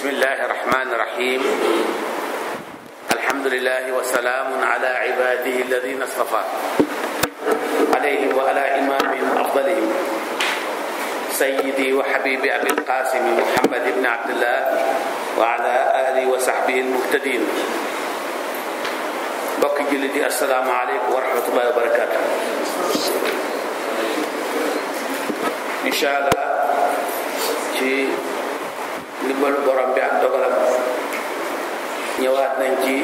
بسم الله الرحمن الرحيم الحمد لله وسلام على عباده الذين اصطفى عليهم وعلى إمامهم أفضلهم سيدي وحبيبي أبي القاسم محمد بن عبد الله وعلى آله وصحبه المهتدين bokk jullit yi asalaamaaleykum wa rahmatullahi wa barakaatu incha allah ci ndimbalu borom bi ak dogalam ñëwaat nañ ci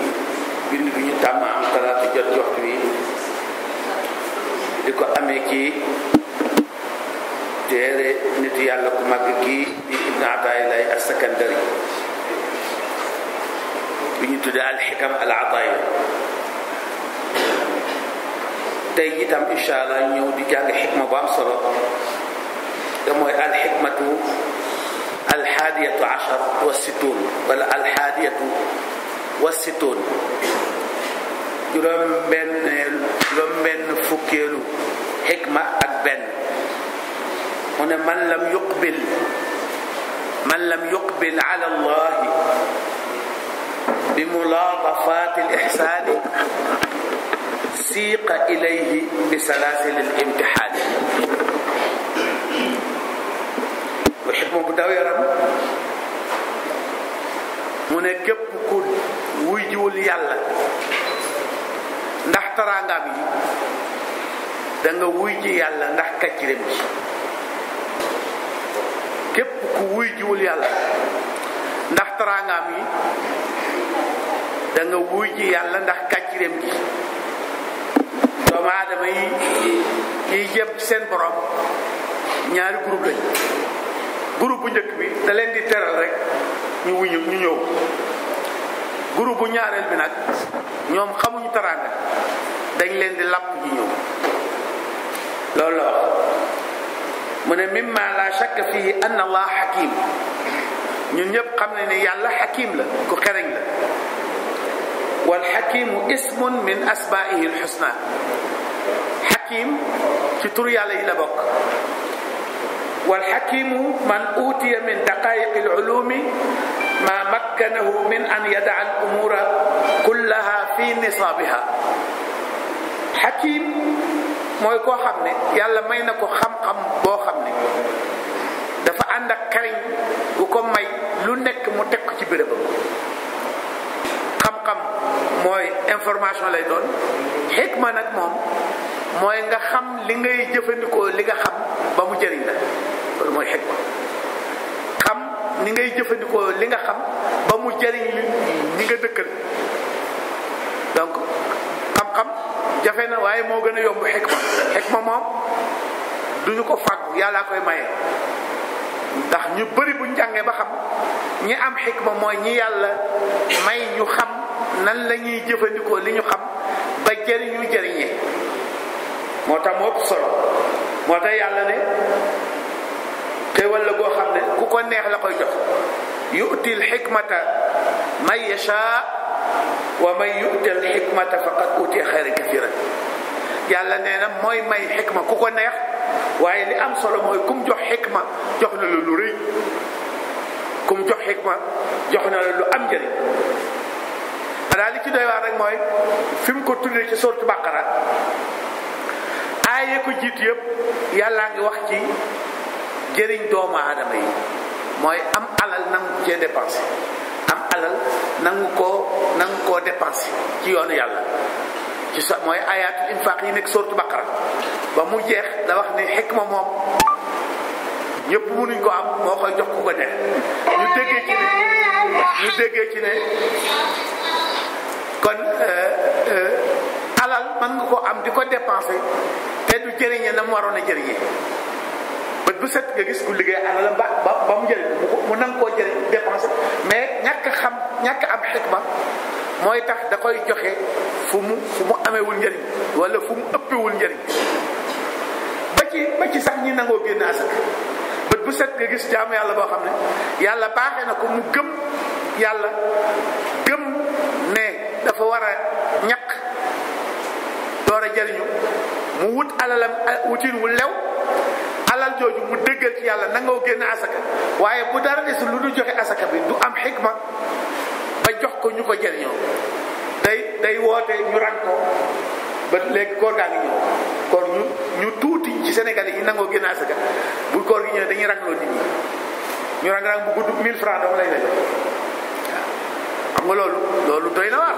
bind bi ñu tàmm am talaata jot ci wi di ko amee ci téere nit yàlla ku mag kii di Ibn Ataa'illah bi ñu tuddee al-Hikam al-Ataa'iyya tey itam incha allah di jàng xikma bu solo te mooy al-hikmatu alxaadiyatu ashar wa situun wala alxaadiyatu wa situun juróom benn juróom benn fukkeelu xikma ak benn mu ne man lam yuqbil man lam yuqbil ala allahi bi mulaatafat al ixsaani siiqa ilayhi bi salaasil al imtixaan yàlla ndax taraangaam yi da nga wuy ji yàlla ndax kàcciram ci képp ku wuy jiwul yàlla ndax taraangaam yi danga wuy ji yàlla ndax kàcciram ci doomu aadama yi yiy seen borom ñaari groupe lañ groupe bu njëkk bi da leen di teral rekk ñu wuñu ñu ñëw groupe bu ñaareel bi nag ñoom xamuñu teraanga dañ leen di làpp ji ñëw loolu la mu ne mimma la shakka fii anna allah hakim ñun ñëpp xam ne ne yàlla hakim la ku xereñ la wal hakimu ismun min asmaihi alxusna hakim ci tur yàlla yi la bokk wal hakimu man utiya min daqaiq alulumi ma مكنه من أن يدع الأمور كلها في نصابها حكيم mooy koo xam ne yàlla may na ko xam-xam boo xam ne dafa ànd ak kariñ bu ko may lu nekk mu teg ko ci bérébam xam-xam mooy information lay doon xikma nag moom mooy nga xam li ngay jëfandikoo li nga xam ba mu jëriñ la loolu mooy xikma ni ngay jëfandikoo li nga xam ba mu jariñ li ñi nga dëkkal donc xam-xam jafe na waaye moo gën a yomb xikma xikma moom duñu ko fàgg yàlla koy maye ndax ñu bëri bu njàngee ba xam ñi am xikma mooy ñi yàlla may ñu xam nan lañuy jëfandikoo li ñu xam ba jëriñu jëriñee moo tax moo ëpp solo moo tax yàlla ne xéewal walla goo xam ne ku ko neex la koy jox yu'ti alxikmata man yashaa wa man yu'ti alxikmata faqad utiya xayran kathiran yàlla nee na mooy may xikma ku ko neex waaye li am solo mooy kum jox xikma jox na la lu rëy kum jox xikma jox na lu am njëriñ daal li ci doy waar rek mooy fi ko tuddee ci sortu bàqara aaye ko jiitu yëpp yàllaa ngi wax ci jëriñ doomu aadama yi mooy am alal nangu cee dépensé am alal nangu ko nangu koo dépensé ci yoonu yàlla ci sa mooy ayaatu infaq yi nekk sortu baqara ba mu jeex da wax ni xikma moom ñëpp nuñ ko am moo koy jox ku ko neex ñu déggee ci ne ñu déggee ci ne kon euh, euh, alal mën nga ko am di ko dépensé te du jëriñe na mu waroon a jëriñee bët bu set nga gis ku liggéey alalam ba ba ba mu jëriñ mu nang koo jëriñ dépenser mais ñàkk xam ñàkk am xikma mooy tax da koy joxe fu mu fu mu ameewul njëriñ wala fu mu ëppewul njëriñ ci ci sax ñi nangoo génn asak bët bu set nga gis jaamu yàlla boo xam ne yàlla baaxe na ko mu gëm yàlla gëm ne dafa war a ñàkk door a jëriñu mu wut alalam wutin wu lew alal jooju mu dëggal yàlla nangoo génn asaka waaye bu dara des joxe asaka bi du am xikma ba jox ko ñu ko jëriñoo day day woote ñu rang ko ba ci Sénégal yi nangoo génn asaka gi ñëwee dañuy rangloo nit ñi ñu rang rang bu gudd loolu doy na waar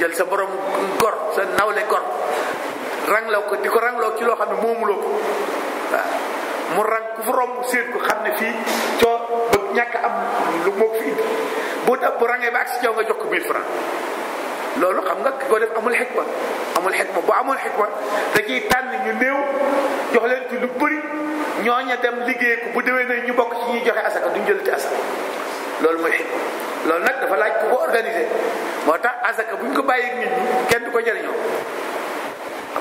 jël sa boroomu gor sa nawle gor rangloo ko di ko rangloo ci loo xam ne moomuloo ko waaw mu rang ku fa romb séen ko xam ne fii coo ba ñàkk am lu moo fi indi bu dab bu rangee ba ak si jaw nga jox ko 1000 francs loolu xam nga ki ko def amul xikma amul xikma bu amul xikma da ciy tànn ñu néew jox leen ci lu bëri ñooña dem liggéey ku bu déwee na ñu bokk ci ñuy joxe asaka du jël ci asaka loolu mooy xikma loolu nag dafa laaj ku ko organisé moo tax asaka ñu ko bàyyi nit kenn du ko jëriñoo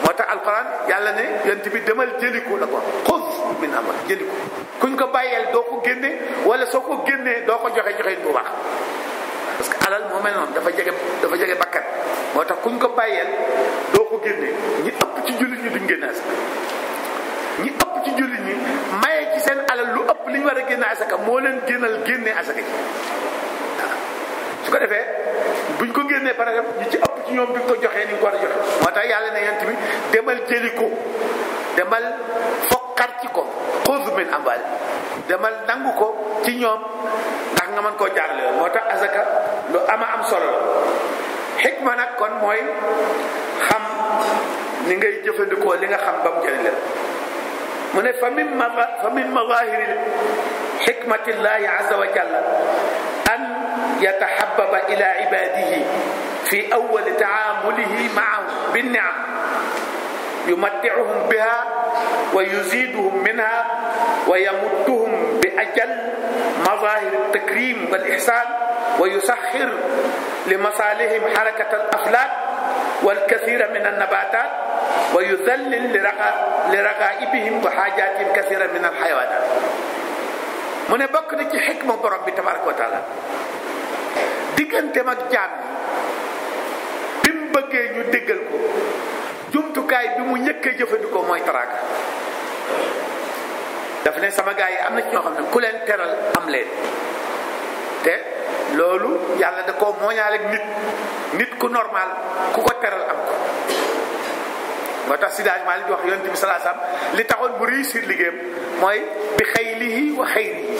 moo tax alquran yàlla ne yonent bi demal jëliko la ko xuz min amr jëliko kuñ ko bàyyeel doo ko génne wala soo ko génnee doo ko joxe joxe bu baax parce que alal moo mel dafa jege dafa jege bakkat moo tax kuñ ko bàyyeel doo ko génne ñi ëpp ci julli ñi duñ génne asaka ñi ëpp ci jullit ñi maye ci seen alal lu ëpp li ñu war a génn asaka moo leen génnal génne asaka ji su ko defee buñ ko génnee par exemple ñi ci ëpp ci ñoom bi ko joxee ni ko war a joxe moo tax yàlla na yant bi demal jëli ko demal fokkar ci ko xóosu min ambal demal nangu ko ci ñoom ndax nga mën koo jaarale yoon moo tax asaka lu ama am solo la xikma nag kon mooy xam ni ngay jëfandikoo li nga xam ba mu jëriñ la mu ne fa min fa min mazahiril xikmatillahi azza wa jalla يتحبب إلى عباده في أول تعامله معهم بالنعم يمتعهم بها ويزيدهم منها ويمدهم بأجل مظاهر التكريم والإحسان ويسخر لمصالحهم حركة الأفلاك والكثير من النباتات ويذلل لرغائبهم وحاجات كثيرة من الحيوانات mu ne bokk na ci xikma borom bi tabaraka wa taala diggante ak jaam bi mu bëggee ñu déggal ko jumtukaay bi mu ñëkkee jëfandikoo mooy taraaka daf ne sama gaa yi am na ñoo xam ne ku leen teral am leen te loolu yàlla da ko mooñaale ak nit nit ku normal ku ko teral am ko moo tax Sidi Hadj Malick wax yonent bi salaa salaam li taxoon mu réussir liggéeyam mooy bi xëy lii wa xëy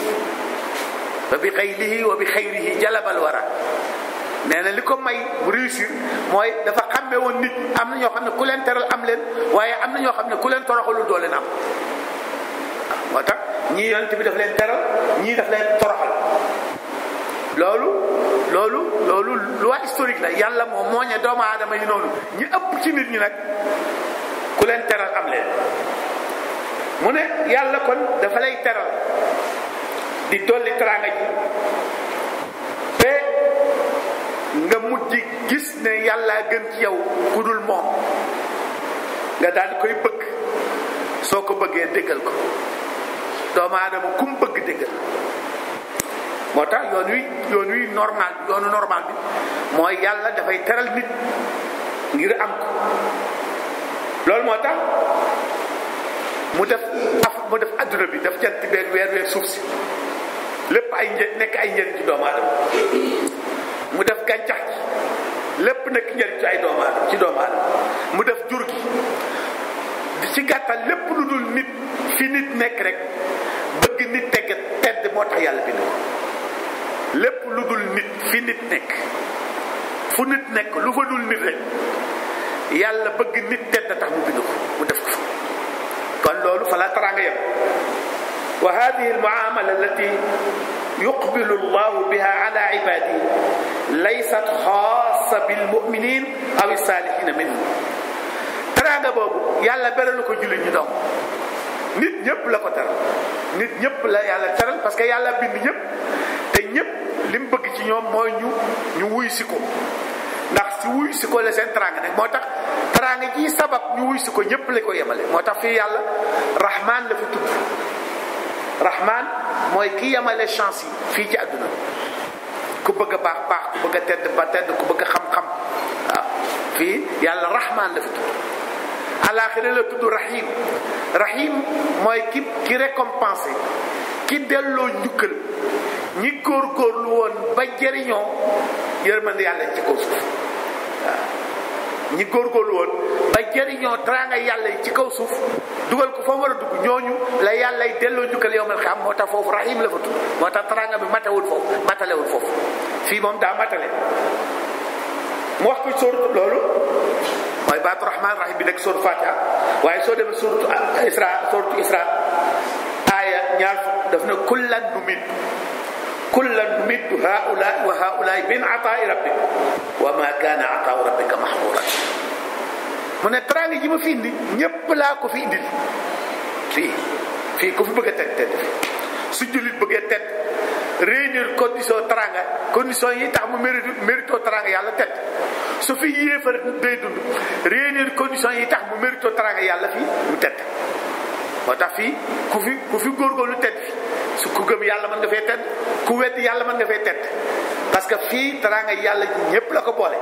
wa bi xayrihi wa bi xayrihi jalabal wara nee na li ko may bu réussir mooy dafa xàmme woon nit am na ñoo xam ne ku leen teral am leen waaye am na ñoo xam ne leen toroxalul doo leen am moo tax ñii yonent bi daf leen teral ñii daf leen toroxal loolu loolu loolu loi historique la yàlla moom moo ñe doomu aadama yi noonu ñi ëpp ci nit ñi nag ku leen teral am leen mu ne yàlla kon dafa lay teral di dolli teraanga ji te nga mujj gis ne yàllaa gën ci yow ku moom nga daal di koy bëgg soo ko bëggee déggal ko doomu aadama ku mu bëgg déggal moo tax yoon wi yoon wi normal bi yoonu normal bi mooy yàlla dafay teral nit ngir am ko loolu moo tax mu def af mu def adduna bi daf jant beeg weer weer suuf si lépp ay një nekk ay njëriñ ci doomu mu def gàncax gi lépp nekk njëriñ ci ay doomu ci doomu mu def jur gi ci gàttal lépp lu dul nit fi nit nekk rek bëgg nit tegg tedd moo tax yàlla bind ko lépp lu dul nit fi nit nekk fu nit nekk lu fa dul nit rek yàlla bëgg nit tedd tax mu bind ko mu def ko kon loolu fa la yem وهذه المعاملة التي يقبل الله بها على عباده ليست خاصة بالمؤمنين أو ko jullit ñi doom nit ñëpp la ko teral nit ñëpp la yàlla teral parce que yàlla bind ñëpp te ñëpp li mu bëgg ci ñoom mooy ñu ñu wuy si ko ndax si wuy si ko la seen teraanga nag moo tax teraanga ji sabab ñu wuy si ko ñëpp la ko yemale moo tax fii yàlla rahmaan la fa rahman mooy ki yemale chance yi fii ci àdduna ku bëgg baax baax ku bëgg a tedd ba tedd ku bëgg a xam-xam waaw ah, fii yàlla rahman la fi tudd alaxira la tudd rahim rahim mooy ki ki récompensé ki delloo njukkal ñi góorgóorlu woon ba jëriñoo yërmande yàlla ci kaw suuf waaw ah, ñi góorgóorlu woon ba jëriñoo teraanga yàlla yi ci kaw suuf dugal ko foo mën a ñooñu la yàllay delloo njukkal yow mal xam moo tax foofu rahim la fa tudd moo tax taranga bi matawul foofu matalewul foofu fii moom daa matale mu wax ko sóorut loolu mooy baatu rahman rahim bi nekk sóorut fatiha waaye soo demee sóorut isra sóorut isra aaya ñaar fukk daf na kullan numiddu min atai rabbik wa ma kaana ataa rabbika mahmuran mu ne teraanga ji ma fi indi ñëpp laa ko fi indil fii fii ku fi bëgg a tedd tedd fi su jullit bëggee tedd réunir condition teraanga condition yi tax mu mérite mérito teraanga yàlla tedd su fi yéefar day yi tax mu mérito teraanga yàlla fii mu tedd moo tax fii ku fi ku fi góorgóorlu tedd fi su ku gëm yàlla mën nga fee tedd ku wedd yàlla mën nga fee tedd parce que fii teraanga yàlla ñëpp la ko boole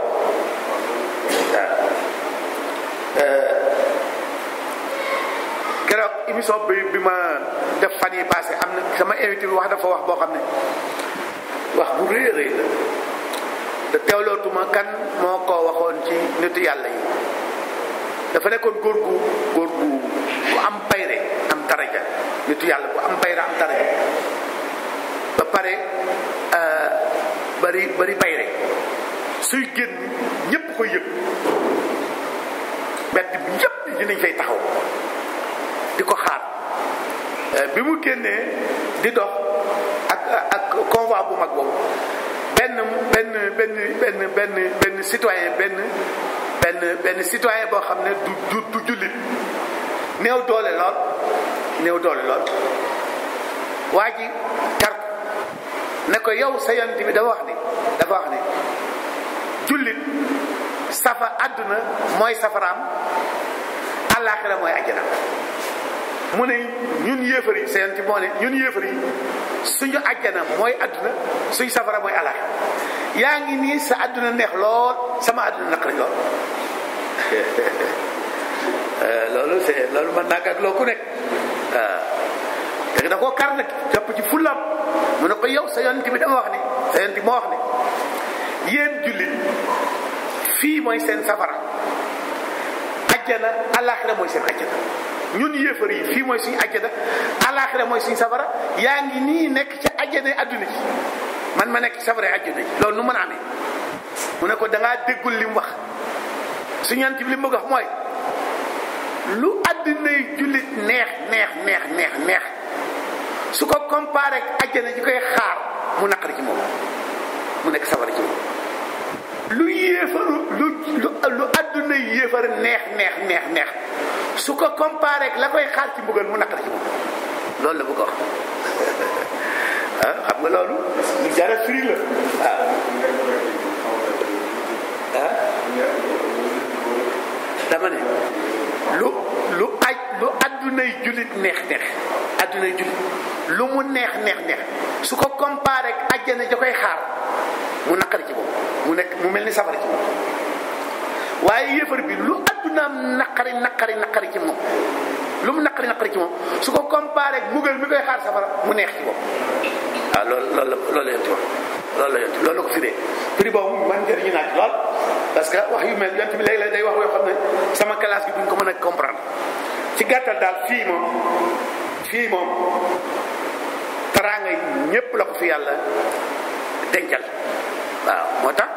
Eh, keroog émission bi bi ma def fan yi passé am na sama invité bi wax dafa wax boo xam ne wax bu rëy rëy la te teewlootuma kan moo ko waxoon ci nitu yàlla yi dafa nekkoon góor gu góor gu bu am payre am daraja nitu yàlla bu am payre am daraja ba pare eh, bari bari payre suy génn ñépp ko yëg mbedd bi yëpp nit ñi fay taxaw di ko xaar euh, bi mu génnee di dox ak ak bu mag boobu benn benn benn benn benn benn citoyen benn benn boo xam ne du du du jullit néew doole lool néew doole lool waa ji ne ko yow sa yonent bi dafa wax ni dafa wax ni jullit safa àdduna mooy safaraam àllaaxira mooy ajjanam mu ne ñun yéefar yi seen ci moo ne ñun yéefar yi suñu ajjana mooy àdduna suñ safara mooy àllaaxira yaa ngi nii sa àdduna neex lool sama àdduna naqari lool eh, loolu c'est loolu mën naa gàgg loo ku nekk waaw te eh, da koo kar nag jàpp ci fulam mu a ko yow sa yonent bi dama wax ni sa yonent bi moo wax ni yéen jullit fii mooy seen safara ajjana alaaxira mooy seen ajjana ñun yéefar yi fii mooy suñu ajjana alaaxira mooy suñu safara yaa ngi nii nekk ci ajjana adduna ji man ma nekk ci safara ajjana ji nu mën a mu ne ko déggul li mu wax suñu bi li mu bëgg wax mooy yi neex neex neex neex su ko comparé ak ajjana ji koy xaar mu naqari ci moom mu nekk safara ci moom lu yéefaru lu lu àdduna yéefar neex neex neex neex su ko comparé la koy xaar ci mbugal mu naqari ci moom bu ko ah, xam nga loolu lu jara firi la ah. Ah. neex neex àddunay jullit mu neex neex neex su ko comparé ak ja koy xaar mu naqari ci moom mu nekk mu mel ni safara ci moom waaye yéefar bi lu addunaam naqari naqari naqari ci moom lu mu naqari naqari ci moom su ko comparé ak mbugal mi koy xaar safara mu neex ci moom waaw loolu loolu loolu la yonti wax loolu la yonti loolu la ko firee prix boobu man njëriñu naa ci lool parce que wax yu mel yonti bi léeg-léeg day wax yoo xam ne sama classe bi duñ ko mën a comprendre ci gàttal daal fii moom fii moom taraanga ñëpp la ko fi yàlla dencal waaw moo tax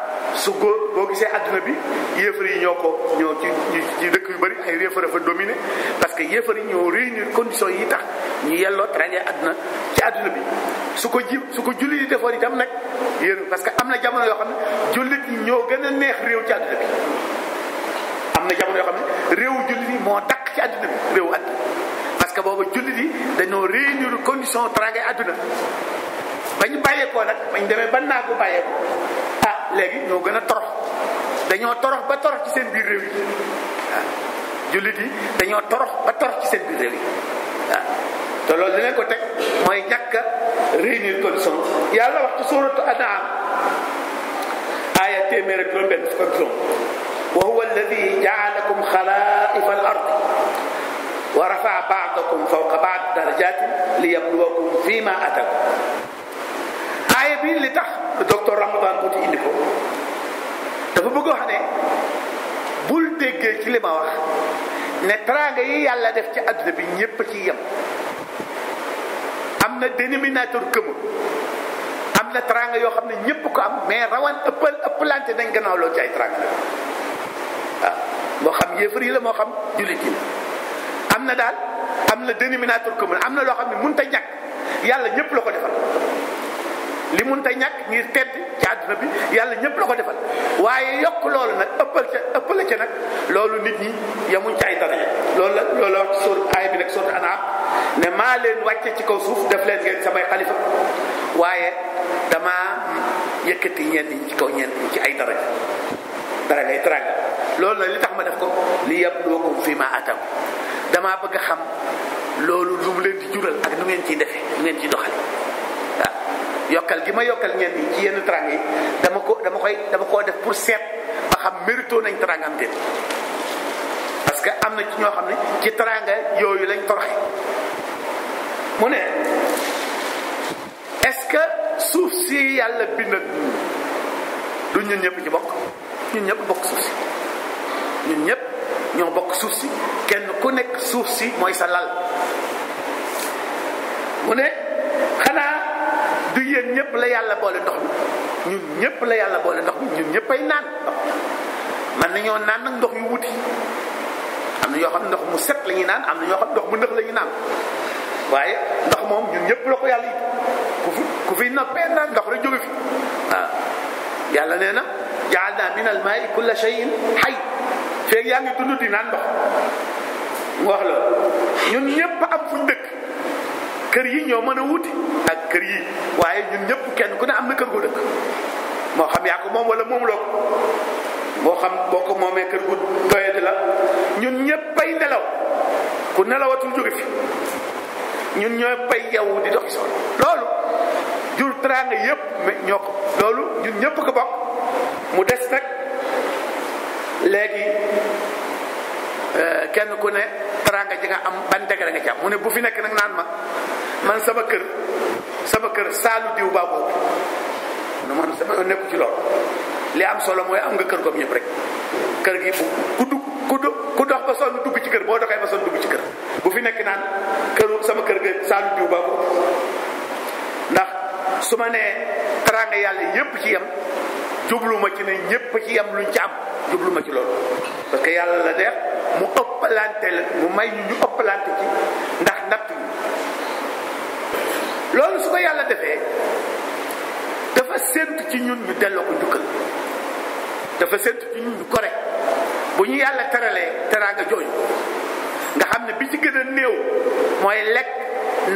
su góor boo gisee àdduna bi yéefar yi ñoo ko ñoo ci ci dëkk yu bëri ay yéefar fa dominé parce que yéefar yi ñoo réunir conditions yi tax ñu yelloo teranga àdduna ci àdduna bi su ko ji su ko jullit yi defoon itam nag yéen parce que am na jamono yoo xam ne jullit yi ñoo gën a neex réew ci àdduna bi am na jamono yoo xam ne réew jullit yi moo dàq ci àdduna bi réewu àdduna parce que booba jullit yi dañoo réunir condition teranga àdduna bañ bàyyeekoo nag bañ demee ba naagu bàyyeeko ah léegi ñoo gën a torox dañoo torox ba torox ci seen biir réew yi waaw ah, jullit yi dañoo torox ba torox ci seen biir réew yi waaw ah, te loolu dinañ ko teg mooy ñàkk a réunir condition yàlla wax ci suuratu Anaam aaya téeméer ak juróom benn fukk ak juróom wa huwa alladi jaalakum xalaa'ifa al ard wa rafaa ba'dakum fawqa ba'd darajatin li yabluwakum fii ma atakum aaye bi li tax docteur Ramadan bu ci indi ko dafa bëgg wax ne bul déggee ci li ma wax ne teraanga yi yàlla def ci àdduna bi ñépp ci yem am na dénominateur commun am na teraanga yoo xam ne ñépp ko am mais rawan ëppal ëppalante dañ gannaaw loo ci ay teraanga waaw xam yéefar moo xam jullit na daal am na dénominateur commun am na loo xam ne mënut a ñàkk yàlla ñépp la ko defal li mun te ñàkk ngir tedd ci àdduna bi yàlla ñëpp la ko defal waaye yokk loolu nag ëppal ca ëppale ca nag loolu nit ñi yamuñ ci ay daraja loolu la loolu la wax ci sóor aay bi nag sóor anaam maa leen wàcce ci kaw suuf leen ngeen samay xalifa waaye dama yëkkati ñenn ñi ci kaw ci ay daraja dara lay teraanga loolu nag li tax ma def ko li yabluwakum fi ma atam damaa bëgg xam loolu lu mu leen di jural ak nu ngeen ciy defe nu ngeen ciy doxale yokkal gi ma yokkal ñenn ñi ci yenn trang yi dama ko dama koy dama koo def pour seet ba xam mérito nañ trangam que am na ci ñoo xam ne ci tranga yooyu lañ toroxe mu ne est-ce que suuf si yàlla bind du ñun ñëpp ñu bokk ñun ñëpp bokk suuf si ñun ñëpp ñoo bokk suuf si kenn ku nekk suuf si mooy sa lal mu ne xanaa du yéen ñëpp la yàlla boole ndox mi ñun la yàlla boole ndox mi ñun ñëpp ay naan ndox man nañoo naan nag ndox yu wuti am na ñoo xam ndox mu set la ñuy naan am na ñoo xam ndox mu nëx la ñuy naan waaye ndox moom ñun ñëpp la ko yàlla it ku fi ku fi noppee naan ndox rek jóge fi waaw yàlla nee na jaal naa min al maai kulla cheyin xay feeg yaa ngi dund di naan ndox kër yi ñoo mën a wuti ak kër yi waaye ñun ñëpp kenn ku ne am na kër gu dëkk moo xam yaa ko moom wala moom loo ko moo xam boo ko moomee kër gu doyati la ñun ñëppay nelaw ku nelawatul jóge fi ñun ñooy pay yow di doxi loolu jur teraanga yëpp ñoo ko loolu ñun ñëpp ko bokk mu des nag léegi euh, kenn ku ne teraanga ji nga am ban degré nga ci am mu ne bu fi nekk nag naan ma man sama kër sama kër saalu diw baa boobu nu man sama yoon nekku ci lool li am solo mooy am nga kër comme ñëpp rek kër gi bu ku ku ku dox ba sonn dugg ci kër boo doxee ba sonn dugg ci kër bu fi nekk naan këru sama kër ga saalu diw baa boobu ndax su ma nee teraanga yàlla yépp ci yem jubluma ci ne ñépp ci yem luñ ci am jubluma ci loolu parce que yàlla la deex mu ëppalante la mu may ñu ñu ëppalante ci ndax natt loolu su ko yàlla defee dafa séntu ci ñun ñu delloo ko njukkal dafa séntu ci ñun ñu gore bu ñu yàlla teralee teraanga jooju nga xam ne bi ci gën néew mooy lekk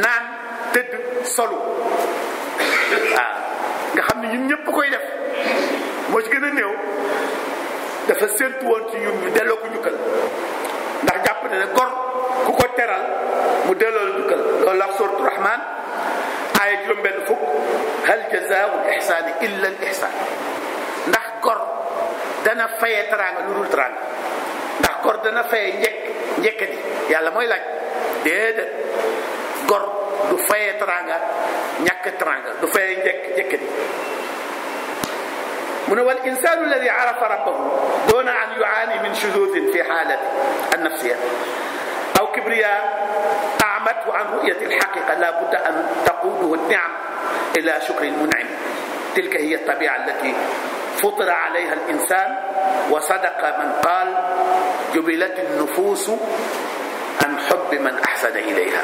naan tëdd solu waaw nga xam ne ñun ñëpp koy def moo ci gën a néew dafa séntu woon ci ñun ñu delloo ko njukkal ndax jàpp na ne gor ku ko teral mu delloo la njukkal la surtu rahman aaya juróom-benn fukk hal jazaawul ihsaani illa al ihsaan ndax gor dana faye teraanga lu dul teraanga ndax gor dana faye njekk njekkati yàlla mooy laaj déedéet gor du faye teraanga ñàkk teraanga du faye njekk njekkati mu ne wal insaanu alladi arafa rabbahu doona an yuaani min shududin fi xaalati annafsiya aw kibriya نعمت وعن رؤية الحقيقة لا بد أن تقوده النعم إلى شكر المنعم تلك هي الطبيعة التي فطر عليها الإنسان وصدق من قال جبلت النفوس عن حب من أحسن إليها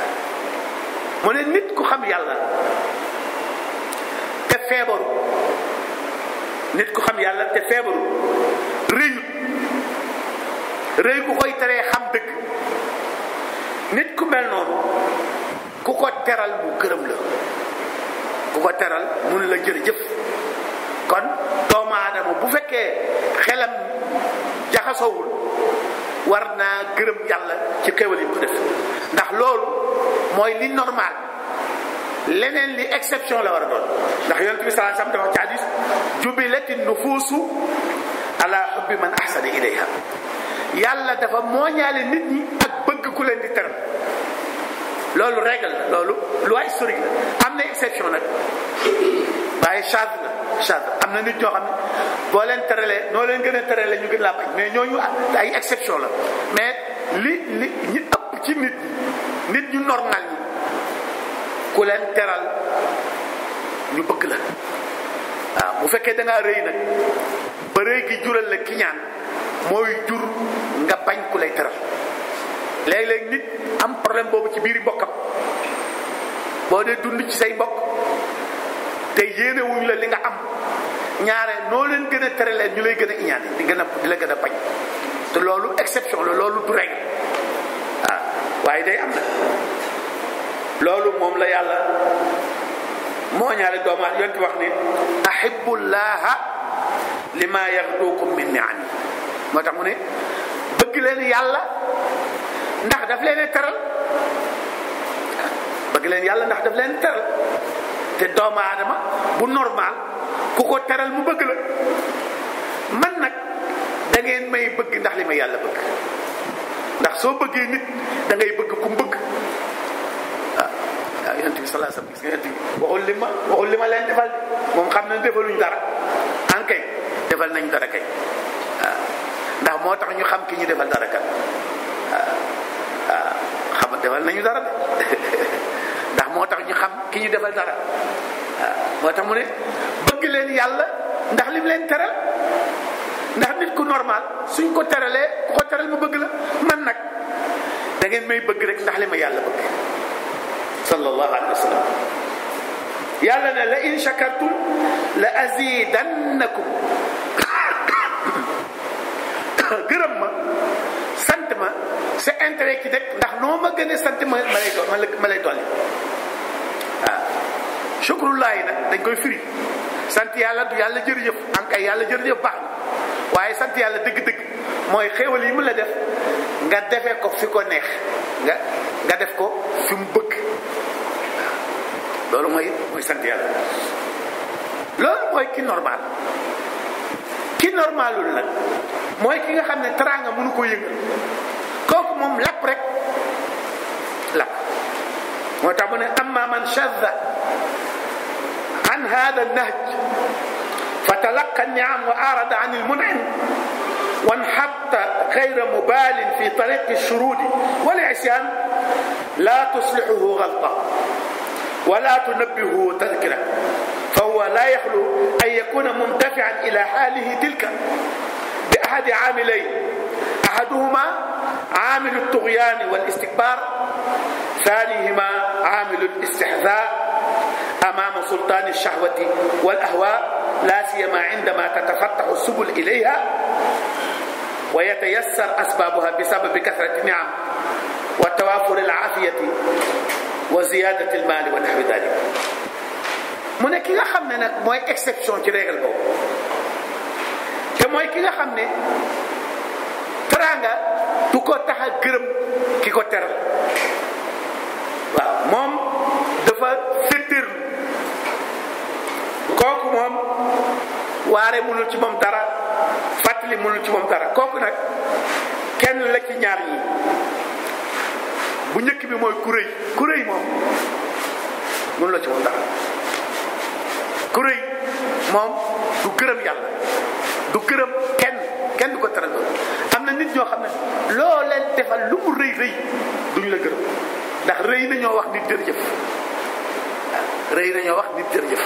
mu ne nit ku xam yàlla te feebaru nit ku xam yàlla te feebaru rëyut rëy ku koy teree xam dëgg nit ku mel noonu ku ko teral mu gërëm la ku ko teral mun la jërëjëf kon doomu aadama bu fekkee xelam jaxasowul war naa gërëm jàll ci xéwal yi mu def ndax loolu mooy li normal leneen li exception la war a doon ndax yonent bi sallallahu alayhi wasallam dafa ci hadis jubilati nufuusu ala bi man ahsana ilayha yàlla dafa mooñaale nit ñi ku leen di teral loolu règle la loolu loi historique la am na exception nag waaye charge la charge am na nit ñoo xam ne boo leen teralee noo leen gën a teralee ñu gën laa bañ mais ñooñu ay exception la mais li li ñi ëpp ci nit ñu normal yi ku leen teral ñu bëgg la waaw bu fekkee da ngaa rëy nag ba rëy gi jural la kiñaan mooy jur nga bañ ku lay teral léeg-léeg nit am problème boobu ci biir mbokkam boo dee dund ci say mbokk te yéene wuñ la li nga am ñaare noo leen gën a terelee ñu lay gën a iñaane di gën a di la gën a bañ te loolu exception la loolu du règle ah, waaye day am na loolu moom la yàlla moo ñaare doomaat yoon ci wax ni ahibullaha lima yaxduukum min ni'am moo tax mu ne bëgg leen yàlla ndax daf leen a teral bëgg leen yàlla ndax daf leen teral te doomu aadama bu normal ku ko teral mu bëgg la man nag da ngeen may bëgg ndax li ma yàlla bëgg ndax soo bëggee nit da bëgg ku mu bëgg waaw ah, waaw yonent bi salaa waxul li ma leen defal moom xam na defaluñ dara en kay defal nañ dara kay ah, ndax moo tax ñu xam ki ñu defal dara kan ah. defal nañu dara ndax moo tax ñu xam ki ñu defal dara moo tax mu ne bëgg leen yàlla ndax lim leen teral ndax nit ku normal suñ ko teralee ku ko teral mu bëgg la man nag da ngeen may bëgg rek ndax li ma yàlla bëgg sallallahu alayhi wa sallam yàlla ne la in shakartum la azidannakum sa intérêt ki rek ndax noo ma gën a sant ma lay ma ma lay dolli waaw ah. sukkurulaa yi nag dañ koy firi sant yàlla du yàlla jërëjëf am kay yàlla jërëjëf baax na waaye sant yàlla dëgg-dëgg mooy xéewal yi mu la def nga defe ko fi ko neex nga nga def ko fi mu bëgg loolu mooy mooy sant yàlla loolu mooy ki normal ki normalul nag mooy ki nga xam ne teraanga mënu ko yëngal moom lakk rek lakk moo tax mu ne amma man shadda an hada nahj fa talaqa niam wa arada an almunim wa nxatta gayra mubalin fi tariqi shuruudi wal isyan la tuslihuhu galta ولا تنبهه تذكرة فهو لا يخلو أن يكون منتفعا إلى حاله تلك بأحد عاملين أحدهما عامل الطغيان والاستكبار ثانيهما عامل الاستحذاء امام سلطان الشهوه والاهواء لا سيما عندما تتفتح السبل اليها ويتيسر اسبابها بسبب كثره النعم وتوافر العافيه وزياده المال ونحو ذلك mu ne ki nga xam ne nag mooy exception ci règle boobu te mooy ki nga xam ne teraanga bu ko tax a gërëm ki ko teral waaw moom dafa sittir kooku moom waare mënul ci moom dara fàttali mënul ci moom dara kooku nag kenn la ci ñaar ñi bu njëkk bi mooy kuréy kuréy moom mënu ci moom dara kuréy moom du gërëm yàlla du gërëm kenn kenn du ko teral nit ñoo xam ne loo leen defal lu mu rëy rëy duñ la gërëm ndax rëy nañoo wax nit jërëjëf rëy nañoo wax nit jërëjëf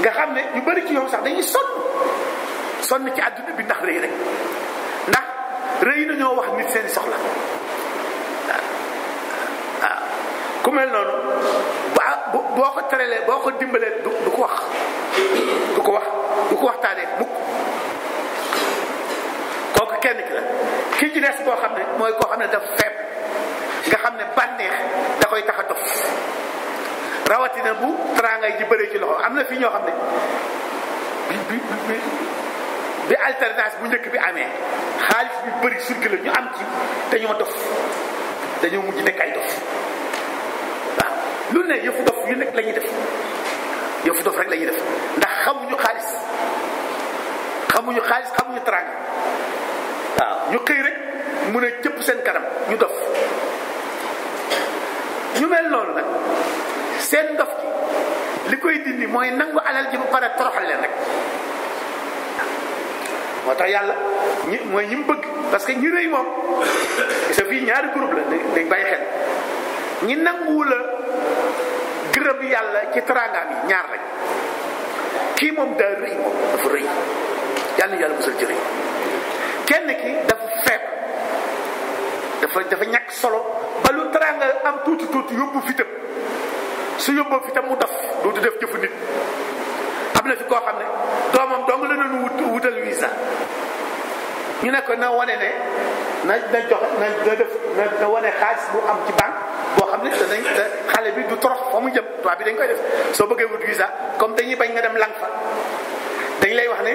nga xam ne ñu bari ci ñoom sax dañuy sonn sonn ci àdduna bi ndax rëy rek ndax rëy nañoo wax nit seen soxla waaw ku mel noonu boo boo ko terelee boo ko dimbalee du ko wax du ko wax du ko waxtaanee mukk kenn ki la ki ci des koo xam ne mooy koo xam ne daf feeb nga xam ne bànneex da koy tax a dof rawatina bu teraangay ji bëree ci loxo am na fii ñoo xam ne bi bi bi alternance bu njëkk bi amee xaalis bi bëri circulé ñu am ci dañoo dof dañoo mujj nekk ay dof waaw lu ne yëfu dof yu nekk la def yëfu dof rek la ñuy def ndax xamuñu xaalis xamuñu xaalis waaw ñu xëy rek mu ne cëpp seen kanam ñu dof ñu mel noonu nag seen dof li koy dindi mooy nangu alal ji ba pare toroxal leen rek moo tax yàlla ñi mooy ñi bëgg parce que ñi rëy moom sa fii ñaari groupe la dañ bay xel ñi nanguwula la gërëm yàlla ci teraangaam yi ñaar rek kii moom daa rëy moom dafa rëy yàlla na yàlla musal ci rëy kenn ki dafa faible dafa dafa ñàkk solo ba lu teraanga am tuuti tuuti yóbbu fi su yóbboo fi tam mu daf dootu def jëfu nit am na fi koo xam ne doomam dong la doon wut wutal visa ñu ne ko na wane ne na jox joxe na na def na wane xaalis bu am ci banque boo xam ne danañ xale bi du torox fa mu jëm tubaab bi dañ koy def soo bëggee wut visa comme dañuy bañ nga dem lang fa dañ lay wax ne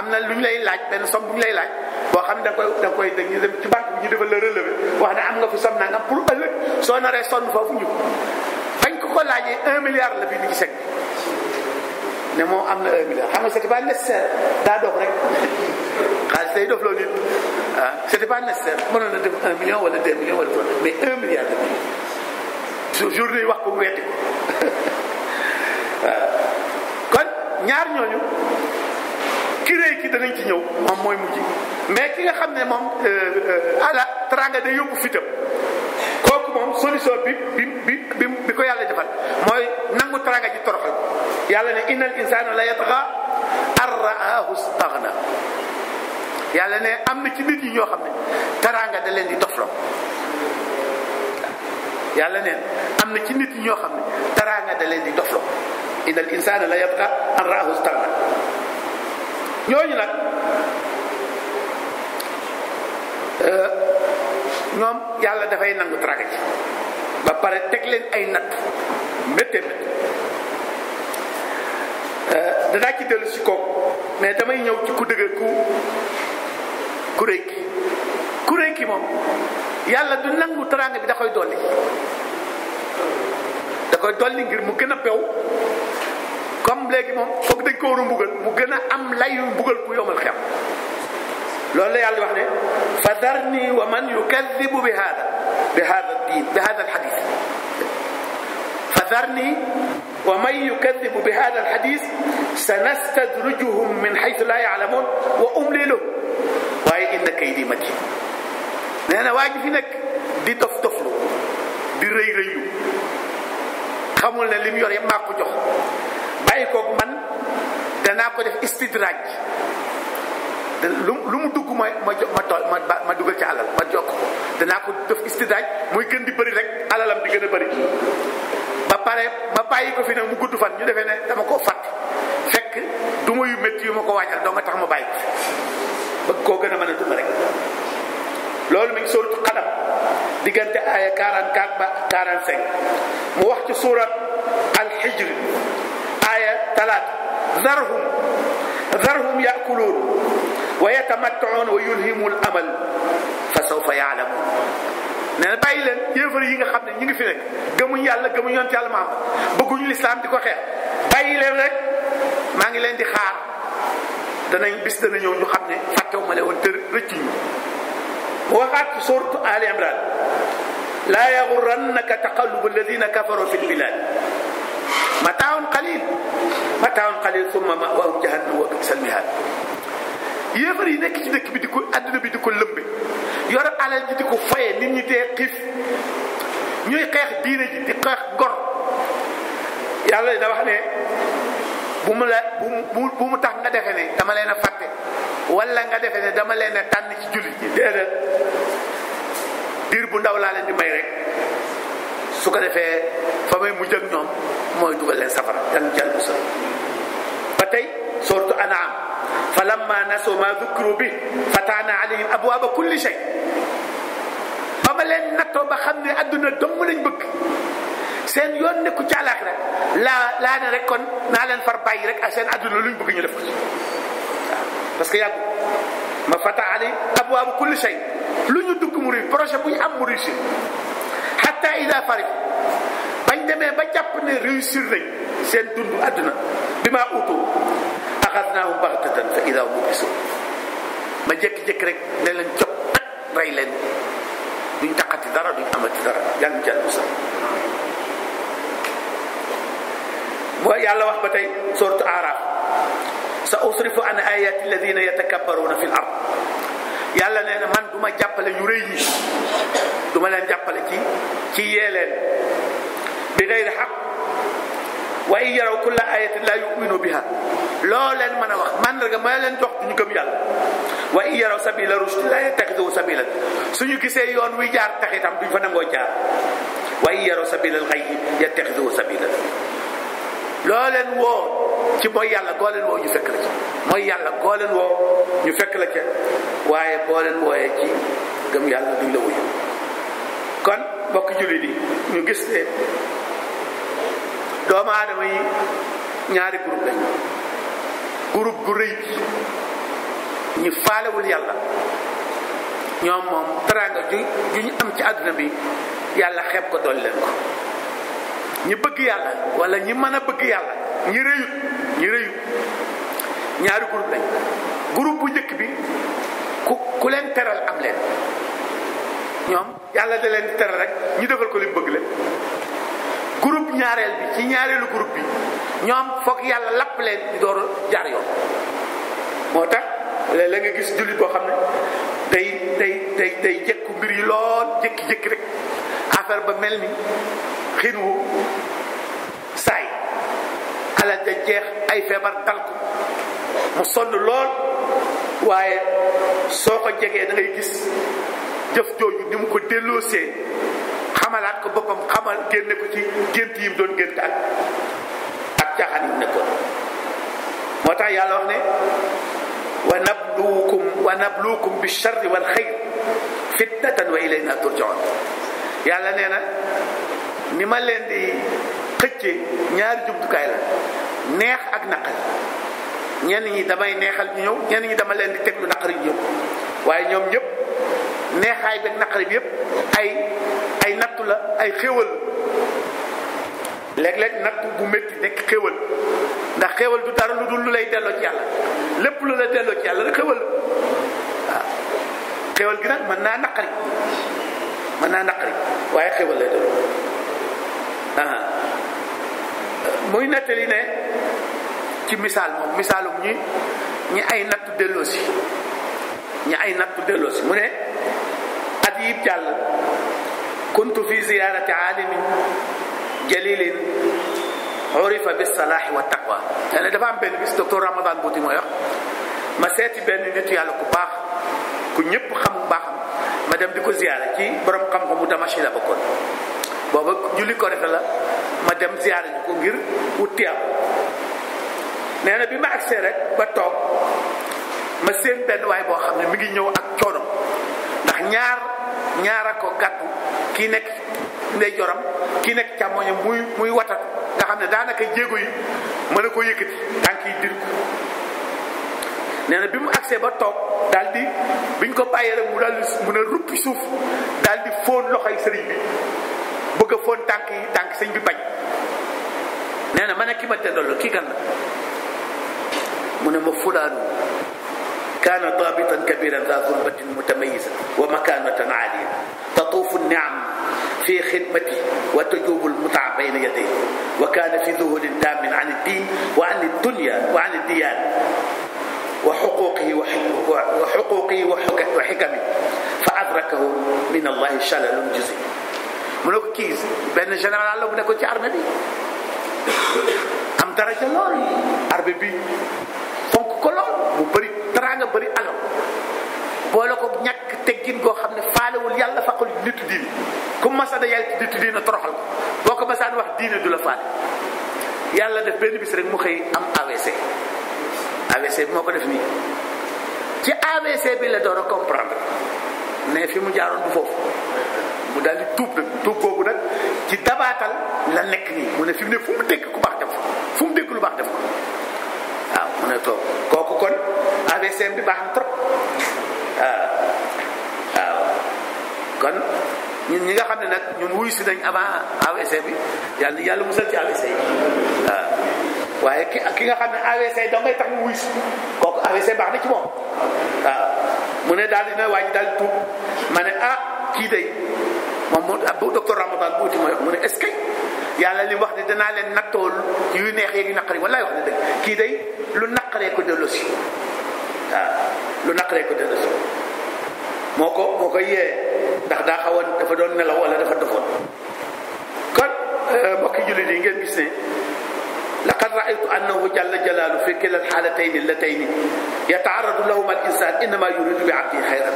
am na lu ñu lay laaj benn somme bu ñu lay laaj boo xam ne da koy da koy dañuy dem ci banque bi ñu defal la relevé wax ne am nga fi somme nangam pour ëllëg soo naree sonn foofu ñu bañ ko ko laajee un milliard la fi ñu gis ne moom am na un milliard xam nga c'était pas nécessaire daa dox rek xaalis day dox loolu nit ah c'était pas nécessaire mënoon na def un million wala deux millions wala trois mais un milliard la fi journée yi wax ko mu wetti ko ah. kon ñaar ñooñu. ki réy ki danañ ci ñëw moom mooy mujj mais ki nga xam ne moom euh, euh, ala teraanga day yóbbu fitam kooku moom solution bi bi bi bi ko yàlla defal mooy nangu teraanga ji toroxal yàlla ne innal insaana la yatgha an ra'aahu staghna yàlla ne am na ci nit yi ñoo xam ne teraanga da leen di dofloo yàlla neen am na ci nit yi ñoo xam ne teraanga da leen di dofloo innal insaana la yatgha an ra'aahu staghna ñooñu nag euh, ñoom yàlla dafay nangu traga ci ba pare teg leen ay natt métte métte euh, danaa ci dellu si kooku mais damay ñëw ku dëgër ku kuréy ki kuréy ki moom yàlla du nangu teraanga bi da koy dolli da koy dolli ngir mu gën a pew comme léegi moom foog dañ ko war a mbugal mu gën a am layu mbugal ku yomal xem loolu la yàlla wax ne fa darni wa man yukadibu bi hada bi hada diin bi hada alxadis fa darni wa man yukadibu bi hada alxadis sanastadrijuhum min xaytu laa yaalamuun wa umli lahum waaye inna kaydi matin nee na waa ji fi nekk di dof doflu di rëy rëylu xamul ne li mu yor yëpp maa ko jox bàyyi koog man danaa ko def istidraaj lu lu mu dugg ma ma jo ma tool ma ci alal ma jokk danaa ko def istidraaj muy gën di bëri rek alalam di gën a bëri ba pare ma bàyyi ko fi nag mu gudd fan ñu defee ne dama koo fàtte fekk duma yu métti yu ma ko waajal doo nga tax ma bàyyi ko fi koo gën a mën a duma rek loolu mi ngi sóoratu xalam diggante aaya 44 ba 45 mu wax ci suurat al talaata zarhum zarhum yaakuluun wa yatamattaun wa yulhimul amal fa sawfa yaalamun nee na bàyyi leen yéefar yi nga xam ne ñu ngi fi nekk gëmuñ yàlla gëmuñ yonent yàlla maam bëgguñu lislaam di ko xeex bàyyi leen rek maa ngi leen di xaar danañ bis dana ñëw ñu xam ne fàttewu ma leen woon te rëcc ñu waxaat sourate Ali Imran laa yaxurrannaka taqallubu alladina kafaru fi lbilad mataaun qalil mataaun qalil summa ma'waahum jahannam wa bi'sal mihaad yéefar yi nekk ci dëkk bi di ko àdduna bi di ko lëmbe yor alal ji di ko foye nit ñi dee xiif ñuy xeex diine ji di xeex gor yàlla da wax ne bu mu la bu bu mu tax nga defe ne dama leen a fàtte walla nga defe ne dama leen a tànn ci jullit ñi déedéet diir bu ndaw laa leen di may rek su ko defee fa may mujj ak ñoom mooy dugal leen safara yàlla jàll bu sal ba tey sooratu anaam fa lamma nasoo ma dukkiru bi fataana alayhim abwaaba kulli shay ba ma leen nattoo ba xam ne adduna dong lañ bëgg seen yoon nekku ci àllaaxira laa laa ne rek naa leen far bàyyi rek a seen adduna luñ bëgg ñu def ko ci que yàggu ma fata ali abwaabu kulli shay lu ñu dugg mu réussir projet bu ñu am mu réussir xatta ida fari bañ demee ba jàpp ne réussir nañ seen dund àdduna bi maa utu axadnaahum baxtatan fa ida hum mublisun ma jékki-jékki rek ne leen cop tak rey leen duñ taqati dara duñ amati dara yàlla ñu jàll bu sax boo yàlla wax ba tey sourate Araf sa usrifu an ayati alladina yatakabbaruna fi l ard yàlla nee na man du ma jàppale yu rëy yi du ma leen jàppale ci ci yee leen bi gayri xaq wa in yaraw kulla ayatin la yuminu biha loo leen mën a wax mandarga ma leen jox du ñu gëm yàlla wa in yaraw sabila rushd la yattaxidu sabilan suñu gisee yoon wi jaar tax itam duñ fa nangoo jaar wa in yaraw sabila al xayyi yattaxidu sabilan loo leen woo ci mooy yàlla goo leen woo ñu fekk la ca mooy yàlla goo leen woo ñu fekk la ca waaye boo leen wooyee ci gëm yàlla duñ la wuyu kon bokk jullit yi ñu gis ne doomu yi ñaari groupe lañu groupe bu rëy bi faalewul yàlla ñoom moom teraanga ju ñu am ci àddina bi yàlla xeeb ko dool leen ko ñi bëgg yàlla walla ñi mën a bëgg yàlla ñi rëyut ñi rëyut ñaari groupe lañ groupe bu njëkk bi ku ku leen teral am leen ñoom yàlla de leen di tere rek ñu defal ko li mu bëgg la groupe ñaareel bi ci ñaareelu groupe bi ñoom foog yàlla lapp leen di door jaar yoon moo tax léeg la nga gis jullit boo xam ne day day day day mbir yi lool jékki-jékki rek affaire ba mel ni xiin wu saay alal da jeex ay feebar dal mu sonn lool waaye soo ko jegee da ngay gis jëf jooju ni mu ko delloosee xamalaat ko boppam xamal génne ko ci gént yi mu doon gént ak ak caaxaan yi mu nekkoon moo tax yàlla wax ne wa nabluukum wa nabluukum bi charri wal xayr fitnatan wa ilayna turjaun yàlla nee na ni ma leen di xëccee ñaari jumtukaay la neex ak naqar ñenn ñi damay neexal ñu ñëw ñenn ñi dama leen di teg lu naqari ñu ñëw waaye ñoom ñëpp neexaay bi ak naqari bi yëpp ay ay nattu la ay xéwal léeg-léeg nattu bu metti nekk xéwal ndax xéwal du dara lu dul lu lay delloo ci yàlla lépp lu la delloo ci yàlla rek xéwal xéwal gi nag mën naa naqari mën naa naqari waaye xéwal lay delloo ah muy nettali ne ci misaal moom misaalum ñi ñi ay nattu delloosi ñi ay nattu delloosi mu ne. at yib jàll kuntu fi ziyaarati aalimin jalilin urifa bisalaahi wa taqwa dafa am benn bis docteur Ramadan Bouti mooy wax ma seeti benn nit yàlla ku baax ku ñëpp xam baaxam ma dem di ko ziyaara ci borom xam-xamu Damashi la bokkoon julli ko refe la ma dem ziyaara ñu ko ngir wut tiyaab nee bi ma agsee rek ba toog ma seen benn waay boo xam ne mi ngi ñëw ak coono ndax ñaar ñaara ko gàddu kii nekk ndey joram kii nekk càmmoñam muy muy wata nga xam ne daanaka jéego yi mën a ko yëkkati tànk yi dir ko bi mu agsee ba toog daldi di biñ ko bàyyee rek mu daal di mun a ruppi suuf daal di foon loxoy sëriñ bi bëgg a foon tànk yi tànk sëñ bi bañ nee na ma ne ki ma dendal la kii kan la mu ne ma fulaanu كان ضابطا كبيرا ذا ظلمة متميزة ومكانة عالية تطوف النعم في خدمته وتجوب المتع بين يديه وكان في ذهول تام عن الدين وعن الدنيا وعن الديان وحقوقه وحقوقه وحكمه فأدركه من الله شلل جزئي mu ne ko kii benn général la bu nekkoon ci armée bi am daraja lool armée bi fonk ko lool mu bëri teraanga bëri alal boole ko ñàkk teggin goo xam ne faalewul yàlla faqul nitu diine ku masa da yàlla nitu diine toroxal ko boo ko masaan wax diine du la faale yàlla def benn bis rek mu xëy am AVC AVC bi moo ko def nii ci AVC bi la door a comprendre ne fi mu jaaroon du foofu mu daal di tuub nag tuub boobu nag ci dabaatal la nekk nii mu ne fi mu ne fu mu dégg ku baax def fu mu dégg lu baax def ko mu ne toog kooku kon AVCM bi baax na trop waaw ah, waaw kon ñun ñi nga xam ne nag ñun wuy si nañ avant AVC bi yàlla yàlla musal ci AVC yi waaw ah, waaye ki ki nga xam ne AVC yi dangay tax mu wuy si kooku AVC baax na ci moom waaw ah, mu ne daal dina waaj daal tuub ma ne ah kii day moom moo bu docteur Ramadan bu mu ne est-ce que yàlla li wax ne danaa leen nattoo yu neex yeeg naqari wallaay wax ne kii day lu naqaree ko dellusi lu naqaree ko moo ko moo yee ndax daa xawoon dafa doon nelaw wala dafa dofoon kon euh, mbokki jullit yi ngeen gis ne laqad raaytu annahu jalla jalaalu fi kila alxaalatayni allatayni yataaradu lahuma al insaan innama yuridu bi abdi xayran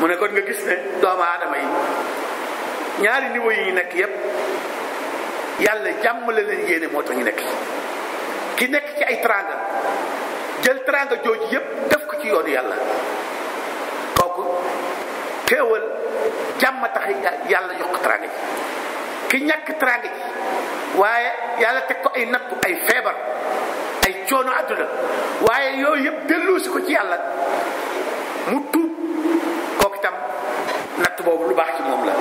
mu ne kon nga gis ne doomu aadama yi ñaari niveau yi ñu nekk yépp yàlla jàmm la leen moo tax ñu nekk ki nekk ci ay tranga jël tranga jooju yépp def ko ci yoonu yàlla kooku xéewal jàmm tax yàlla yokk tranga ji ki ñàkk tranga ji waaye yàlla teg ko ay nattu ay feebar ay coono àdduna waaye yooyu yépp delluusi ko ci yàlla mu tuub kooku itam natt boobu lu baax ci moom la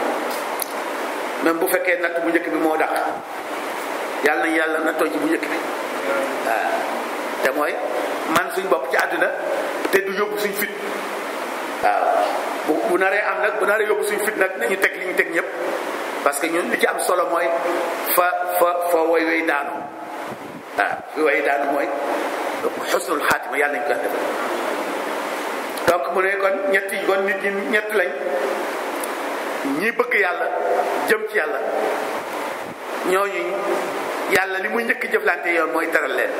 même bu fekkee natt bu njëkk bi moo dàq yàlla na yàlla nattoo ci bu njëkk bi waaw euh, te mooy man suñ bopp ci àdduna te du yóbbu suñ fit waaw bu bu naree am nag bu naree yóbbu suñ fit nag nañu teg li ñu teg ñëpp parce que ñun li ci am solo mooy fa fa fa woy woy daanu waaw ah, fi woy daanu mooy xusnul xaatima yàlla nañ ko def donc mu ne kon ñett yi kon nit ñi ñett lañ ñi bëgg yàlla jëm ci yàlla ñooñu yàlla li mu njëkk jëflante yoon mooy teral leen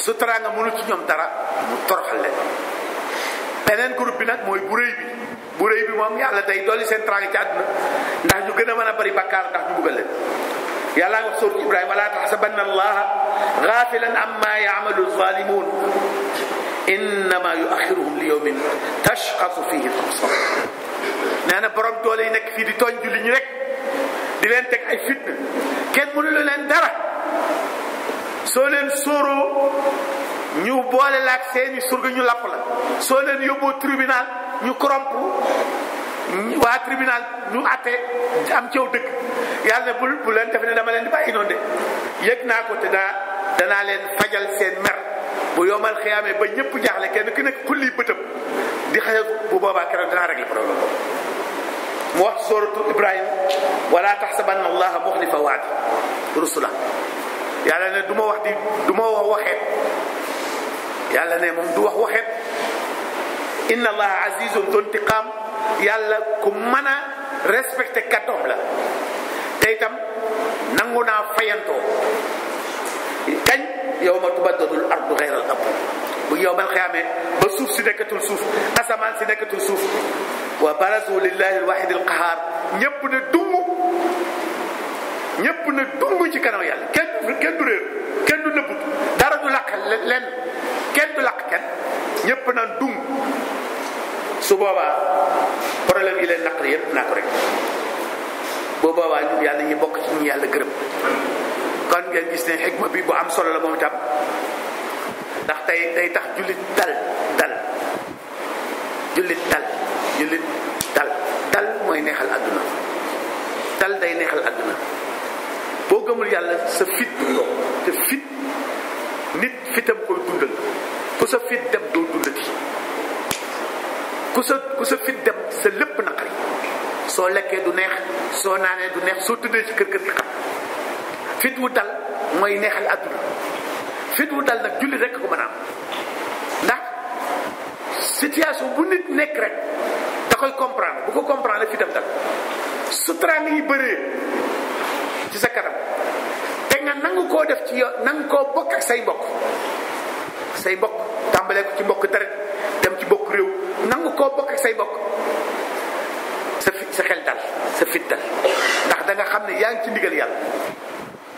su teraanga mënul ci ñoom dara mu toroxal leen beneen groupe bi nag mooy bu rëy bi bu rëy bi moom yàlla day dool seen teraanga ci ndax ñu gën a mën a bari bakkaar ndax ñu buggal leen yàlla nga wax suurat Ibrahima wala taxsabanna allaha gaafilan amma yaamalu zalimun innama yuaxiruhum li yawmin tashxasu fihi doole yi nekk di tooñ julli ñi di leen teg ay fitna kenn mënulu leen dara soo leen sóoroo ñu boole laak seeni surga ñu lapp la soo leen yóbboo tribunal ñu koromp waa tribunal ñu àtte am cëw dëkk yàlla bul bu leen def ne dama leen di bàyyi noonu de yëg naa ko te daa danaa leen fajal seen mer bu yomal xiyaamee ba ñëpp jaaxle kenn ku nekk xulli bëtam di xëy bu boobaa keroog danaa régler problème mu wax ci sooratu Ibrahima wala taxsabanna allaha muxlifa waadi rusula yàlla ne du ma wax di du ma wax waxeet yàlla ne moom du wax waxeet inna allaha azizun du intiqaam yàlla ku mën a respecté kàddoom la te itam nangu naa fayantoo kañ yow ma tubaddalul ardu xayral ab bu yow mal xiyaamee ba suuf si nekkatul suuf asamaan si nekkatul suuf wa barazu lillahi alwahid alqahar ñépp ne dungu ñépp ne dungu ci kanaw yàlla kenn kenn du réer kenn du nëbbut dara du làq lenn kenn du làq kenn ñépp naan dung su boobaa problème yi leen naqari yépp naa ko rek bu boobaa ñun yàlla ñu bokk ci ñu yàlla gërëm kon gen gis ne xikma bi bu am solo la moom itam ndax tey day tax jullit dal dal jullit dal dal mooy neexal àdduna dal day neexal àdduna boo gëmul yàlla sa fit te fit nit fitam koy dundal ku sa fit dem doo dundati ku sa fit dem sa lépp naqari soo lekkee du neex soo naanee du neex soo tëddee ci kër kër gi xam fit wu dal mooy neexal àdduna fit wu dal nag jullit rekk ko mën ndax situation bu nit nekk rek da koy comprendre bu ko comprendre fi dem dal sutura mi bëree ci sa kanam te nga nangu koo def ci yow nangu koo bokk ak say mbokk say mbokk tàmbalee ci bokk deret dem ci bokk réew nangu koo bokk ak say bokk sa fit sa xel dal sa fit dal ndax danga nga xam ne yaa ngi ci ndigal yàlla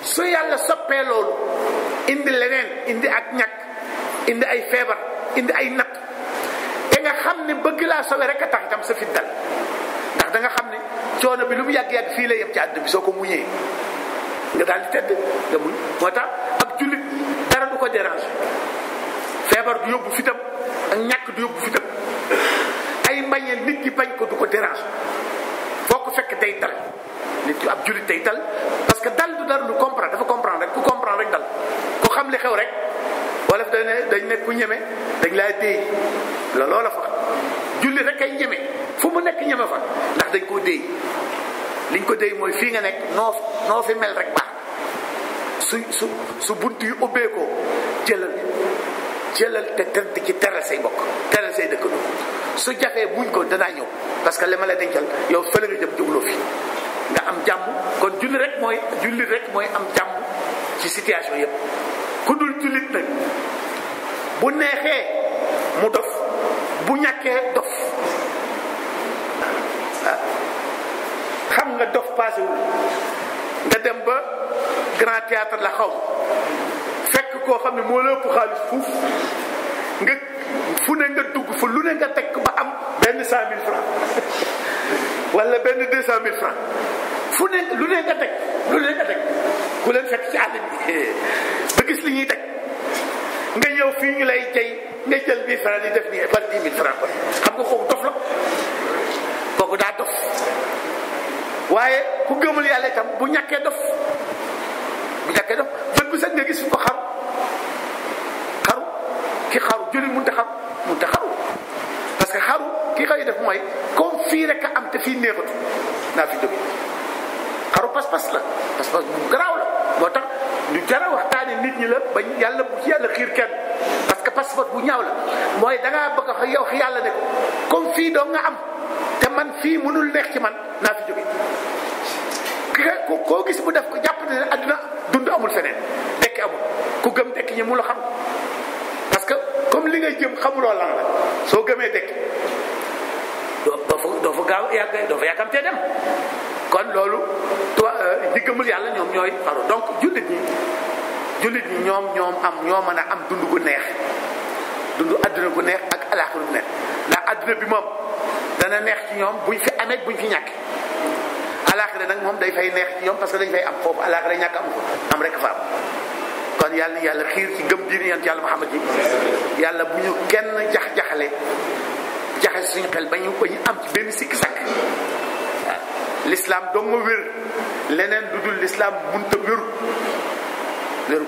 su yàlla soppee loolu indi leneen indi ak ñàkk indi ay feebar indi ay natt xam ne bëgg laa sowe rek a tax itam sa fit dal ndax da nga xam ne coono bi lu mu yàgg-yàgg fii la yem ci àdduna bi soo ko muñee nga daal di tedd nga muñ moo tax ak jullit dara du ko dérange feebar du yóbbu fitam ak ñàkk du yóbbu fitam ay mbañeel nit ñi bañ ko du ko dérange foo ko fekk day dal nit ñi ab jullit day dal parce que dal du dara lu comprendre dafa comprendre rek ku comprendre rek dal ku xam li xew rek wala dañ ne dañ ne ku ñeme dañ laa déy looloo la julli rek ay ñeme fu mu nekk ñeme fa ndax dañ koo déy liñ ko déy mooy fii nga nekk noo noo fi mel rek baax su su su bunt yu ubbeekoo jëlal jëlal te tëdd ci teral say mbokk teral say dëkkandoo su jafee buñ ko danaa ñëw parce que li ma la dencal yow fële nga jëm jugloo fi nga am jàmm kon julli rek mooy julli rek mooy am jàmm ci situation yépp ku dul jullit nag bu neexee mu dof bu ñàkkee dof xam nga dof paasewul nga dem ba grand théâtre la xaw fekk koo xam ne moo la ëpp xaalis fuuf nga fu ne nga dugg fu lu ne nga teg ba am benn cent mille franc wala benn deux cent mille franc fu ne lu ne nga teg lu ne nga teg ku leen fekk ci àll bi ba gis li ñuy teg nga ñëw fii ñu lay jey nga jël mille francs di def nii par dix mille francs koy xam nga kooku dof la kooku daa dof waaye ku gëmul yàlla itam bu ñàkkee dof bu ñàkkee dof bët bu set nga gis fu ko xaru xaru ki xaru jullit mënut a xaru mënut a xaru parce que xaru ki koy def mooy comme fii rek a am te fii néexatu naa fi jóge xaru pas-pas la pas-pas bu garaaw la moo tax ñu jar nit ñi la ba yàlla bu ci yàlla xiir kenn passeport bu ñaw la mooy da bëgg a yow yàlla ne ko comme fii doo nga am te man fii mënul neex ci man naa fi jóge ki gis bu def ko jàpp ne adduna dund amul feneen dekki amul ku gëm dekki ñi mu la xam parce que comme li nga jëm xamuloo lan la soo gëmee dekki doo doo fa doo fa gaaw yàgg doo fa yàkkamtee dem kon loolu toi ñi euh, gëmul yàlla ñoom ñooy faru donc jullit ñi jullit ñi ñoom ñoom am ñoo mën a am dund gu neex dund adduna bu neex ak alaaxira bu neex ndax adduna bi moom dana neex ci ñoom buñ fi amee buñ fi ñàkk alaaxira nag moom day fay neex ci ñoom parce que dañ fay am foofu alaaxira ñàkk am ko am rek fa am kon yàlla yàlla xiir ci gëm diine yant yàlla Muhammad ji yàlla bu ñu kenn jax-jaxale jaxe suñu xel bañu bañu am ci benn sikki sakk waaw l'islam dong wér leneen du dul l'islam munta wéru wéru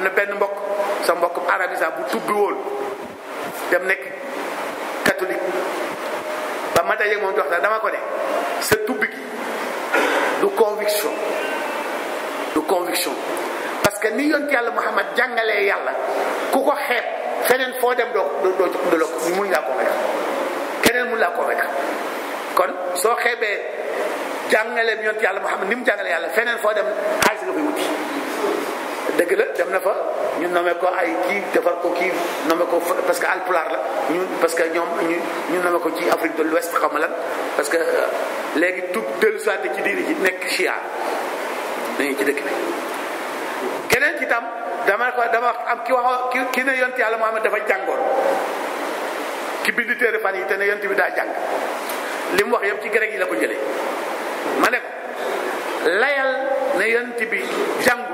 am na benn mbokk sa mbokkum arabisa bu tubbi woon dem nekk catholique ba ma dajeeg moom di waxtaan dama ko ne sa tubbi gi du conviction du conviction parce que ni yont yàlla Muhammad jàngalee yàlla ku ko xeeb feneen foo dem doo doo doo la mun ngaa ko rek keneen mun laa ko rek kon soo xeebee jàngaleem yont yàlla Muhammad ni mu jàngalee yàlla feneen foo dem xaalis nga koy wuti dëgg la dem na fa ñu nommé ko ay kii defar ko kii nommé ko parce que alpulaar la ñu parce que ñoom ñu ñu nommé ko ci Afrique de l'Ouest xam lan parce que euh, léegi tub dellu soit ci diini ji nekk chia dañuy ci dëkk bi keneen ci tam dama ko dama am ki waxoo ki ki ne yont yàlla Muhammad dafa jàngoon ki bind téere fan yi te ne yont bi daal jàng li mu wax yëpp ci grec yi la ko jële ma ko layal ne yont bi jàng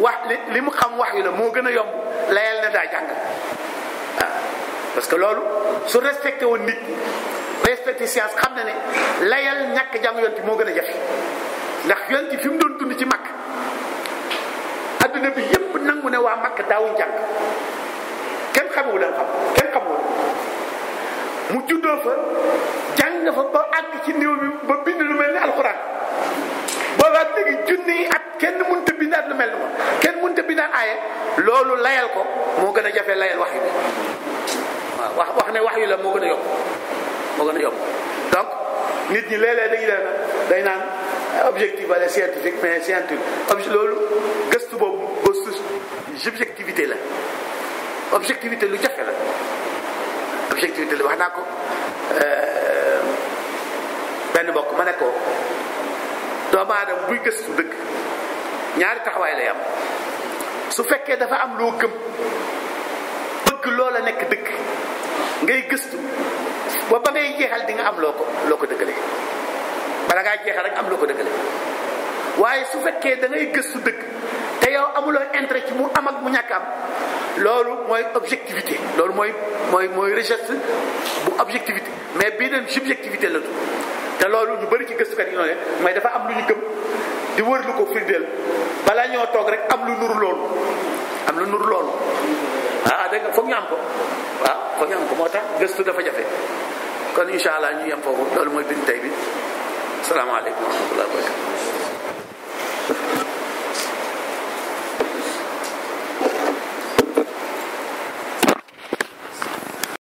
wax li li mu xam wax yu la moo gën a yomb layal na daa jàng ah, parce que loolu su respecte woon nit respecté science xam na ne layal ñàkk jàng yonti moo gën a jafe ndax yonti fi mu doon dund ci mag adduna bi yépp nangu ne waa mag daawuñ jàng kenn xamewu leen xam kenn xamewu mu juddoo fa jàng fa ba àgg ci niveau ba bind lu mel ni alxuraan loolu layal ko moo gën a jafe layal wax yi bi waaw wax ne wax yu la moo gën a yomb moo gën a donc nit ñi léeg-léeg dañu day naan ah, objectif wala scientifique mais scientifique loolu gëstu boobu ba subjectivité la objectivité lu jafe la objectivité la wax naa ko euh, benn mbokk ma ne ko doomu aadama buy gëstu dëgg ñaari taxawaay lay am su fekkee dafa am loo gëm bëgg loola nekk dëgg ngay gëstu ba ba ngay jeexal di nga am loo ko loo ko dëggalee bala ngaa jeexal rek am loo ko dëggalee waaye su fekkee dangay gëstu dëgg te yow amuloo intérêt ci mu am ak mu ñàkk am loolu mooy objectivité loolu mooy mooy mooy recherche bu objectivité mais bii dem subjectivité la tudd te loolu ñu bari ci gëstu yi ñoo dafa am lu ñu gëm di wër lu ko firndeel balaa ñoo toog rek am lu nuru loolu am lu nuru loolu ah, ah dégg nga foog ñu ko ah, foog ñu ko moo tax gëstu dafa jafe kon incha ñu yem foofu loolu mooy bind tey bi salaamaaleykum wa rahmatulah